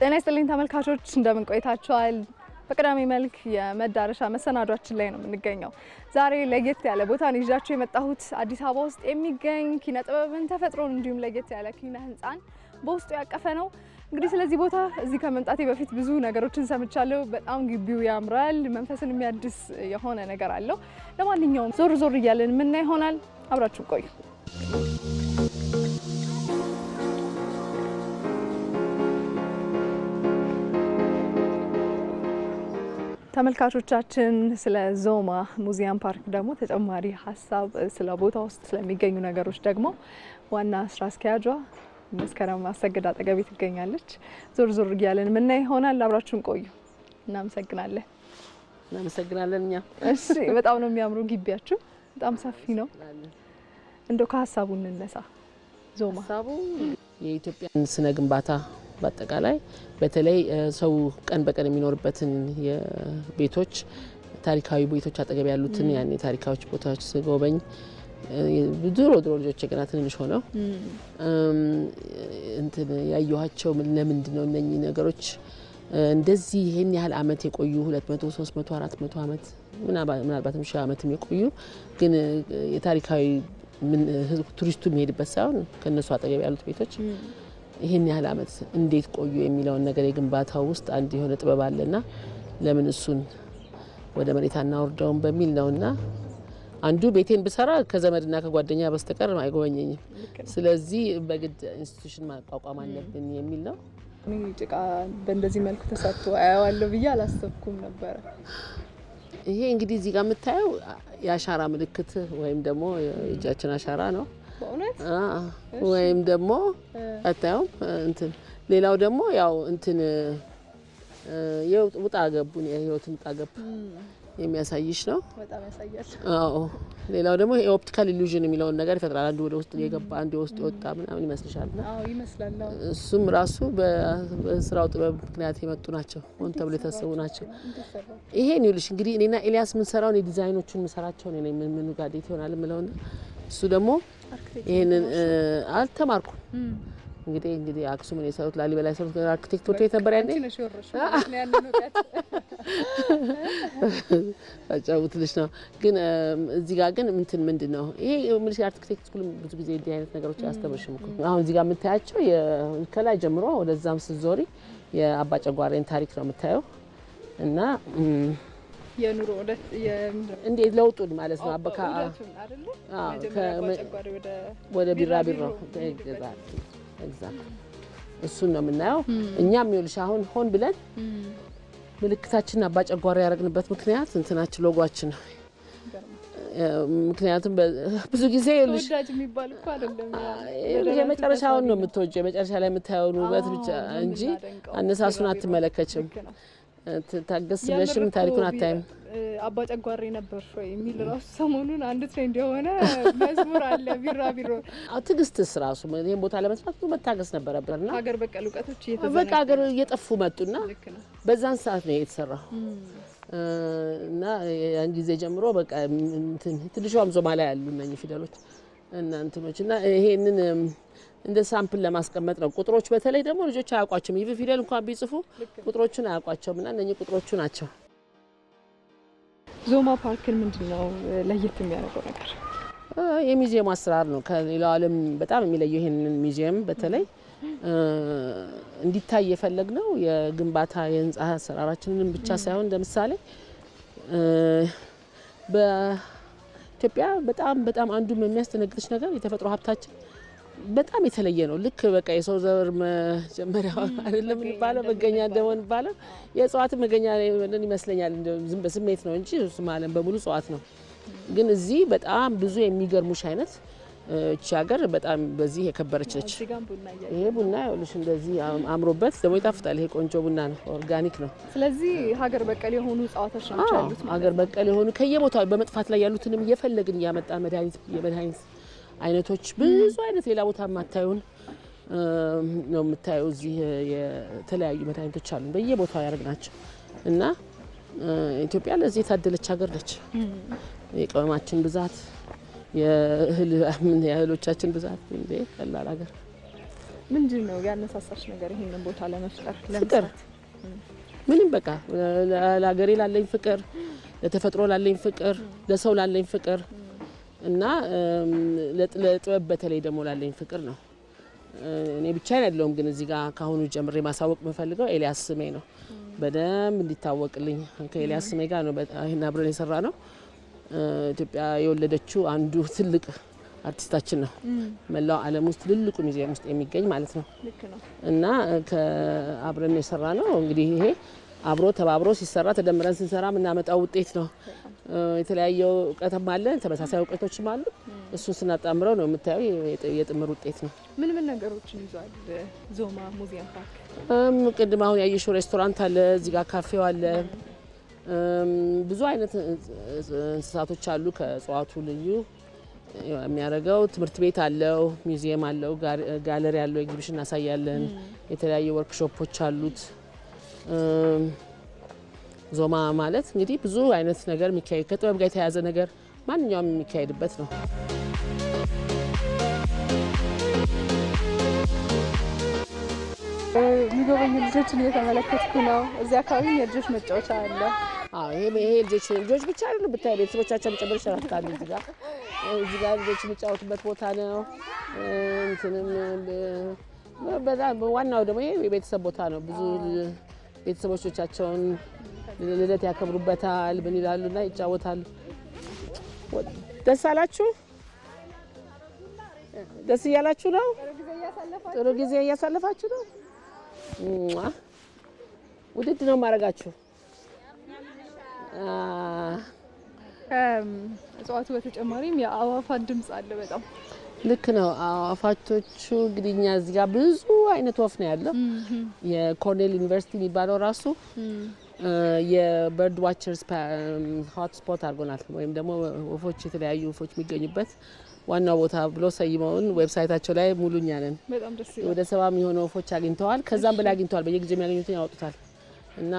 ጤና ይስጥልኝ ተመልካቾች እንደምን ቆይታችኋል? በቅዳሜ መልክ የመዳረሻ መሰናዷችን ላይ ነው የምንገኘው። ዛሬ ለየት ያለ ቦታ ነው ይዣችሁ የመጣሁት። አዲስ አበባ ውስጥ የሚገኝ ኪነ ጥበብን፣ ተፈጥሮን እንዲሁም ለየት ያለ ኪነ ህንፃን በውስጡ ያቀፈ ነው። እንግዲህ ስለዚህ ቦታ እዚህ ከመምጣቴ በፊት ብዙ ነገሮችን ሰምቻለሁ። በጣም ግቢው ያምራል፣ መንፈስን የሚያድስ የሆነ ነገር አለው። ለማንኛውም ዞር ዞር እያለን የምናይ ይሆናል። አብራችሁ ቆዩ። ተመልካቾቻችን ስለ ዞማ ሙዚየም ፓርክ ደግሞ ተጨማሪ ሀሳብ ስለ ቦታ ውስጥ ስለሚገኙ ነገሮች ደግሞ ዋና ስራ አስኪያጇ መስከረም አሰግድ አጠገቢ ትገኛለች። ዞር ዞር እያለን የምናይ ይሆናል። አብራችሁን ቆዩ። እናመሰግናለን። እናመሰግናለን። እኛ እሺ፣ በጣም ነው የሚያምሩ ግቢያችሁ፣ በጣም ሰፊ ነው። እንደው ከሀሳቡ እንነሳ። ዞማ ሀሳቡ የኢትዮጵያን ስነ ግንባታ በአጠቃላይ በተለይ ሰው ቀን በቀን የሚኖርበትን ቤቶች ታሪካዊ ቤቶች አጠገብ ያሉትን ያ ታሪካዎች ቦታዎች ስጎበኝ ድሮ ድሮ ልጆች ገና ትንንሽ ሆነው እንትን ያየኋቸው ለምንድ ነው እነኚህ ነገሮች እንደዚህ ይህን ያህል አመት የቆዩ 200፣ 300፣ መቶ ዓመት ምናልባትም ሺህ ዓመትም የቆዩ ግን የታሪካዊ ቱሪስቱ የሚሄድበት ሳይሆን ከእነሱ አጠገብ ያሉት ቤቶች ይህን ያህል አመት እንዴት ቆዩ የሚለውን ነገር የግንባታው ውስጥ አንድ የሆነ ጥበብ አለና ለምን እሱን ወደ መሬት አናወርደውም በሚል ነውና አንዱ ቤቴን ብሰራ ከዘመድና ከጓደኛ በስተቀር አይጎበኘኝም። ስለዚህ በግድ ኢንስቲቱሽን ማቋቋም አለብን የሚል ነው። ጭቃ በእንደዚህ መልኩ ተሰርቶ አያዋለሁ ብዬ አላሰብኩም ነበረ። ይሄ እንግዲህ እዚህ ጋር የምታየው የአሻራ ምልክት ወይም ደግሞ የእጃችን አሻራ ነው። ወይም ደግሞ አታዩም እንትን ሌላው ደግሞ ያው እንትን ውጣ ገቡን የህይወትን ውጣ ገብ የሚያሳይሽ ነው። አዎ ሌላው ደግሞ የኦፕቲካል ኢሉዥን የሚለውን ነገር ይፈጥራል። አንዱ ወደ ውስጥ የገባ አንዱ ውስጥ የወጣ ምናምን ይመስልሻል። እሱም ራሱ በስራው ጥበብ ምክንያት የመጡ ናቸው፣ ሆን ተብሎ የታሰቡ ናቸው። ይሄን ይሉሽ እንግዲህ እኔና ኤልያስ የምንሰራውን የዲዛይኖቹን የምሰራቸውን የምንጋዴት ይሆናል ምለውና እሱ ደግሞ ይህንን አልተማርኩም። እንግዲህ እንግዲህ አክሱምን የሰሩት ላሊበላ የሰሩት አርክቴክቶች አርኪቴክቶች ነበር ያኔ ትልሽ ነው ግን እዚህ ጋር ግን እንትን ምንድን ነው ይሄ ምልሽ አርክቴክት ስኩልም ብዙ ጊዜ እንዲህ አይነት ነገሮች አያስተምርሽም እኮ። አሁን እዚህ ጋር የምታያቸው ከላይ ጀምሮ ወደዛም ስትዞሪ የአባጨጓሬን ታሪክ ነው የምታየው እና የኑሮ እንዴት ለውጡን ማለት ነው። አበካ ወደ ቢራቢሮ እሱን ነው የምናየው። እኛም ይኸውልሽ አሁን ሆን ብለን ምልክታችንን አባጨጓሪ ያደረግንበት ምክንያት እንትናችን ሎጓችን ነው። ምክንያቱም ብዙ ጊዜ የመጨረሻውን ነው የምትወጪው፣ የመጨረሻ ላይ የምታየውን ውበት ብቻ እንጂ አነሳሱን አትመለከችም። ታገስ ብለሽም ታሪኩን አታይም። አባ ጨጓሬ ነበር ወይ የሚል ራሱ ሰሞኑን አንድ ትሬንድ የሆነ መዝሙር አለ። ቢራ ቢሮ ትግስትስ ራሱ ይህን ቦታ ለመስራት መታገስ ነበረብን እና ሀገር በቀል እውቀቶች በቃ ሀገር እየጠፉ መጡና በዛን ሰዓት ነው የተሰራው እና ያን ጊዜ ጀምሮ በቃ ትንሿም ዞማሊያ ያሉ እነኚህ ፊደሎች እናንትኖች እና ይሄንን እንደ ሳምፕል ለማስቀመጥ ነው። ቁጥሮች በተለይ ደግሞ ልጆች አያውቋቸውም። ይህ ፊደል እንኳን ቢጽፉ ቁጥሮቹን አያውቋቸውም እና እነኚህ ቁጥሮቹ ናቸው። ዞማ ፓርክን ምንድን ነው ለየት የሚያደርገው ነገር? የሚዚየም አሰራር ነው ከሌላው ዓለም በጣም የሚለየው። ይህንን ሚዚየም በተለይ እንዲታይ የፈለግ ነው የግንባታ የህንፃ አሰራራችንን ብቻ ሳይሆን ለምሳሌ ኢትዮጵያ በጣም በጣም አንዱ የሚያስደነግጥሽ ነገር የተፈጥሮ ሀብታችን በጣም የተለየ ነው። ልክ በቃ የሰው ዘር መጀመሪያ አይደለም እንባለው መገኛ እንደሆን ባለው የእጽዋት መገኛ ይመስለኛል። ዝም በስሜት ነው እንጂ ዓለም በሙሉ እጽዋት ነው። ግን እዚህ በጣም ብዙ የሚገርሙሽ አይነት እቺ ሀገር በጣም በዚህ የከበረች ነች። ይሄ ቡና ይኸውልሽ እንደዚህ አምሮበት ደግሞ ይጣፍጣል። ይሄ ቆንጆ ቡና ነው፣ ኦርጋኒክ ነው። ስለዚህ ሀገር በቀል የሆኑ እጽዋቶች ናቸው ያሉት። ሀገር በቀል የሆኑ ከየቦታው በመጥፋት ላይ ያሉትንም እየፈለግን እያመጣ መድኃኒት የመድኃኒት አይነቶች ብዙ አይነት ሌላ ቦታ የማታዩን ነው የምታየው። እዚህ የተለያዩ መድኃኒቶች አሉ በየቦታው ያደርግ ናቸው እና ኢትዮጵያ ለዚህ የታደለች ሀገር ነች። የቅመማችን ብዛት የእህል የእህሎቻችን ብዛት እንዴ ቀላል ሀገር ምንድን ነው ያነሳሳሽ ነገር ይህንን ቦታ ለመፍጠር? ፍቅር ምንም በቃ ለሀገሬ ላለኝ ፍቅር፣ ለተፈጥሮ ላለኝ ፍቅር፣ ለሰው ላለኝ ፍቅር እና ለጥበብ በተለይ ደግሞ ላለኝ ፍቅር ነው። እኔ ብቻ ያለውም ግን እዚህ ጋር ካሁኑ ጀምሬ ማሳወቅ የምፈልገው ኤልያስ ስሜ ነው። በደንብ እንዲታወቅልኝ ከኤልያስ ስሜ ጋር ነው ይህን አብረን የሰራ ነው ኢትዮጵያ የወለደችው አንዱ ትልቅ አርቲስታችን ነው። መላው ዓለም ውስጥ ትልልቁ ሙዚየም ውስጥ የሚገኝ ማለት ነው እና ከአብረን የሰራ ነው እንግዲህ ይሄ አብሮ ተባብሮ ሲሰራ ተደምረን ስንሰራ የምናመጣው ውጤት ነው። የተለያየ እውቀትም አለ፣ ተመሳሳይ እውቀቶችም አሉ። እሱን ስናጣምረው ነው የምታየው የጥምር ውጤት ነው። ምን ምን ነገሮችን ይዟል ዞማ ሙዚየም ፓርክ? ቅድም አሁን ያየሽው ሬስቶራንት አለ፣ እዚጋ ካፌው አለ ብዙ አይነት እንስሳቶች አሉ። ከእጽዋቱ ልዩ የሚያደርገው ትምህርት ቤት አለው፣ ሚውዚየም አለው፣ ጋለሪ አለው፣ ኤግዚቢሽን እናሳያለን። የተለያዩ ወርክሾፖች አሉት። ዞማ ማለት እንግዲህ ብዙ አይነት ነገር የሚካሄድ ከጥበብ ጋር የተያያዘ ነገር ማንኛውም የሚካሄድበት ነው። የሚጎበኙ ልጆችን እየተመለከትኩ ነው። እዚህ አካባቢ የልጆች መጫወቻ አለ። ይሄ ልጆች ልጆች ብቻ ነው ብታይ ቤተሰቦቻቸውን ጭምር ይሸራታሉ። እዚህ ጋር እዚህ ልጆች የሚጫወቱበት ቦታ ነው። እንትንም በጣም ዋናው ደግሞ ይሄ የቤተሰብ ቦታ ነው። ብዙ ቤተሰቦቻቸውን ልደት ያከብሩበታል። ምን ይላሉና ይጫወታሉ። ደስ አላችሁ? ደስ እያላችሁ ነው? ጥሩ ጊዜ እያሳለፋችሁ ነው? ውድድ ነው የማደርጋችሁ። እጽዋቱ በተጨማሪም የአዋፋት ድምጽ አለ። በጣም ልክ ነው። አዋፋቶቹ እንግዲህ እኛ እዚህ ጋር ብዙ አይነት ወፍ ነው ያለው። የኮርኔል ዩኒቨርሲቲ የሚባለው ራሱ የበርድ ዋቸርስ ሆት ስፖት አድርጎናል፣ ወይም ደግሞ ወፎች የተለያዩ ወፎች የሚገኙበት ዋናው ቦታ ብሎ ሰይመውን ዌብሳይታቸው ላይ ሙሉኛ ነን ወደ ሰባ የሚሆኑ ወፎች አግኝተዋል። ከዛም በላይ አግኝተዋል። በየጊዜ የሚያገኙትን ያወጡታል እና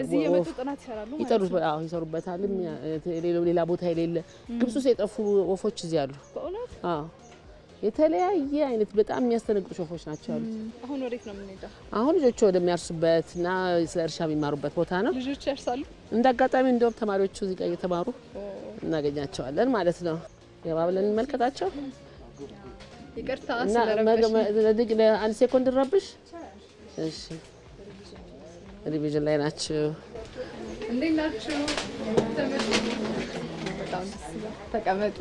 ይሰሩበታል። ሌላ ቦታ የሌለ ግብጽ ውስጥ የጠፉ ወፎች እዚህ አሉ። የተለያየ አይነት በጣም የሚያስተነግጡ ወፎች ናቸው ያሉት። አሁን ወዴት ነው የምንሄደው? አሁን ልጆቹ ወደሚያርሱበት እና ስለ እርሻ የሚማሩበት ቦታ ነው። ልጆቹ ያርሳሉ። እንደ አጋጣሚ እንደም ተማሪዎቹ እዚህ ጋር እየተማሩ እናገኛቸዋለን ማለት ነው። ገባ ብለን እንመልከታቸው። ይቅርታ ሴኮንድ ረብሽ። እሺ ሪቪዥን ላይ ናችሁ? እንዴት ናችሁ? ተቀመጡ።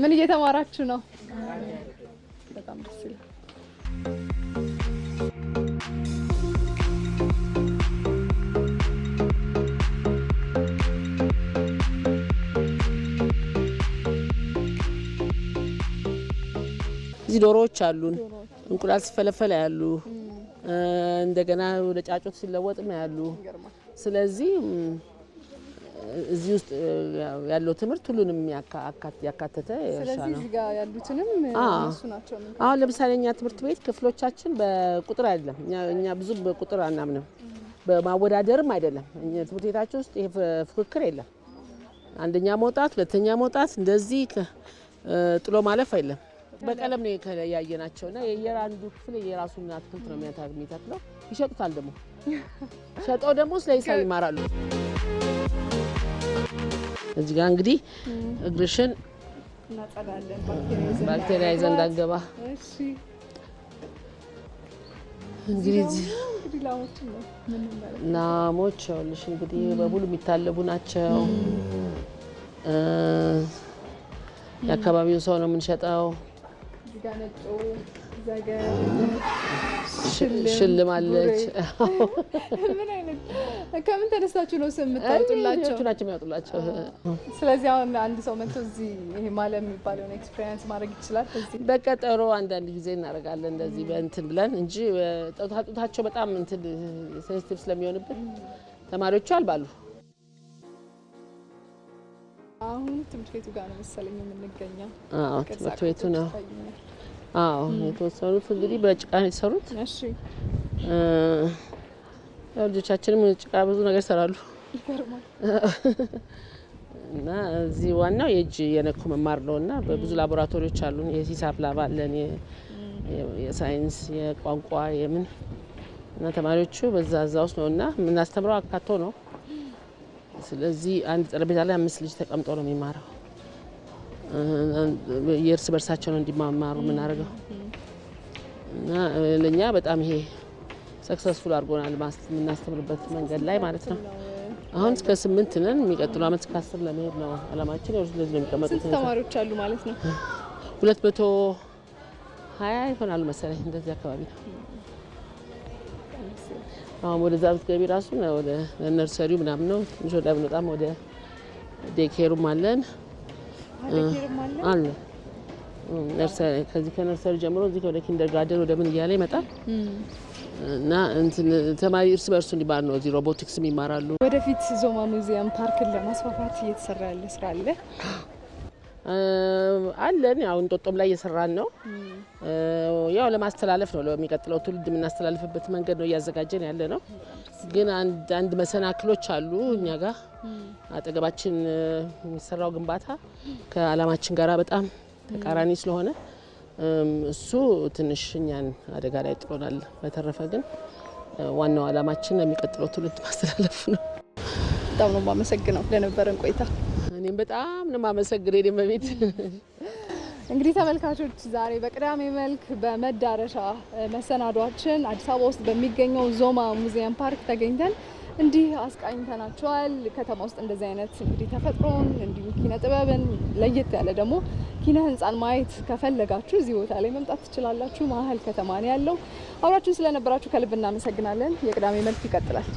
ምን እየተማራችሁ ነው? በጣም ደስ ይላል። እዚህ ዶሮዎች አሉን። እንቁላል ሲፈለፈል ያሉ እንደገና ወደ ጫጩት ሲለወጥ ያሉ። ስለዚህ እዚህ ውስጥ ያለው ትምህርት ሁሉንም ያካተተ ነው። አሁን ለምሳሌ እኛ ትምህርት ቤት ክፍሎቻችን በቁጥር አይደለም፣ እኛ ብዙ በቁጥር አናምንም፣ በማወዳደርም አይደለም። ትምህርት ቤታችን ውስጥ ይሄ ፉክክር የለም። አንደኛ መውጣት፣ ሁለተኛ መውጣት እንደዚህ ጥሎ ማለፍ አይደለም። በቀለም ነው ያየናቸው እና የየራንዱ ክፍል የራሱን አትክልት ነው የሚተክለው። ይሸጡታል ደግሞ ሸጠው ደግሞ ስለ ይማራሉ። እዚህ ጋር እንግዲህ እግርሽን ባክቴሪያ ይዘ እንዳገባ እንግዲህ ላሞች ይኸውልሽ እንግዲህ በሙሉ የሚታለቡ ናቸው። የአካባቢውን ሰው ነው የምንሸጠው። ሽልም አለች። ምን አይነት ከምን ተነስታችሁ ነው ስም የምታወጡላቸው? ናቸው የሚያወጡላቸው። ስለዚህ አሁን አንድ ሰው መጥቶ እዚህ ይሄ ማለም የሚባለውን ኤክስፔሪንስ ማድረግ ይችላል። በቀጠሮ አንዳንድ ጊዜ እናደርጋለን እንደዚህ በእንትን ብለን እንጂ ጡታቸው በጣም እንትን ሴንሲቲቭ ስለሚሆንብን ተማሪዎቹ አልባሉ አሁን ትምህርት ቤቱ ጋር ነው መሰለኝ የምንገኘው። አዎ ትምህርት ቤቱ ነው። አዎ የተወሰኑት እንግዲህ በጭቃ ነው የተሰሩት። እሺ ያው ልጆቻችንም ጭቃ ብዙ ነገር ይሰራሉ እና እዚህ ዋናው የእጅ የነኩ መማር ነው እና በብዙ ላቦራቶሪዎች አሉን። የሂሳብ ላብ አለን፣ የሳይንስ፣ የቋንቋ፣ የምን እና ተማሪዎቹ በዛ እዛ ውስጥ ነው እና የምናስተምረው አካቶ ነው ስለዚህ አንድ ጠረጴዛ ላይ አምስት ልጅ ተቀምጦ ነው የሚማረው። የእርስ በርሳቸው ነው እንዲማማሩ የምናደርገው እና ለእኛ በጣም ይሄ ሰክሰስፉል አድርጎናል። የምናስተምርበት መንገድ ላይ ማለት ነው። አሁን እስከ ስምንት ነን። የሚቀጥሉ አመት እስከ አስር ለመሄድ ነው አላማችን። ስለዚህ ነው የሚቀመጡት ተማሪዎች አሉ ማለት ነው። ሁለት መቶ ሀያ ይሆናሉ መሰለኝ እንደዚህ አካባቢ ነው። አሁን ወደዛ ብትገቢ ራሱ ወደ ነርሰሪው ምናምን ነው ትንሽ ወደ ብንወጣም ወደ ዴኬሩም አለን አለ ከዚህ ከነርሰሪ ጀምሮ እዚህ ወደ ኪንደር ጋርደን ወደ ምን እያለ ይመጣል እና ተማሪ እርስ በእርሱ እንዲባል ነው። እዚህ ሮቦቲክስም ይማራሉ። ወደፊት ዞማ ሙዚየም ፓርክን ለማስፋፋት እየተሰራ ያለ ስራ አለ። አለን። ያው እንጦጦም ላይ እየሰራን ነው። ያው ለማስተላለፍ ነው ለሚቀጥለው ትውልድ የምናስተላልፍበት መንገድ ነው እያዘጋጀን ያለ ነው። ግን አንድ መሰናክሎች አሉ እኛ ጋር አጠገባችን የሚሰራው ግንባታ ከዓላማችን ጋር በጣም ተቃራኒ ስለሆነ እሱ ትንሽ እኛን አደጋ ላይ ጥሎናል። በተረፈ ግን ዋናው ዓላማችን ለሚቀጥለው ትውልድ ማስተላለፍ ነው። በጣም ነው የማመሰግነው ለነበረን ቆይታ። እኔም በጣም ነው የማመሰግነው የእኔም በቤት እንግዲህ ተመልካቾች ዛሬ በቅዳሜ መልክ በመዳረሻ መሰናዷችን አዲስ አበባ ውስጥ በሚገኘው ዞማ ሙዚየም ፓርክ ተገኝተን እንዲህ አስቃኝተናቸዋል። ከተማ ውስጥ እንደዚህ አይነት እንግዲህ ተፈጥሮን እንዲሁ ኪነ ጥበብን ለየት ያለ ደግሞ ኪነ ህንፃን ማየት ከፈለጋችሁ እዚህ ቦታ ላይ መምጣት ትችላላችሁ። መሀል ከተማ ነው ያለው። አብራችሁን ስለነበራችሁ ከልብ እናመሰግናለን። የቅዳሜ መልክ ይቀጥላል።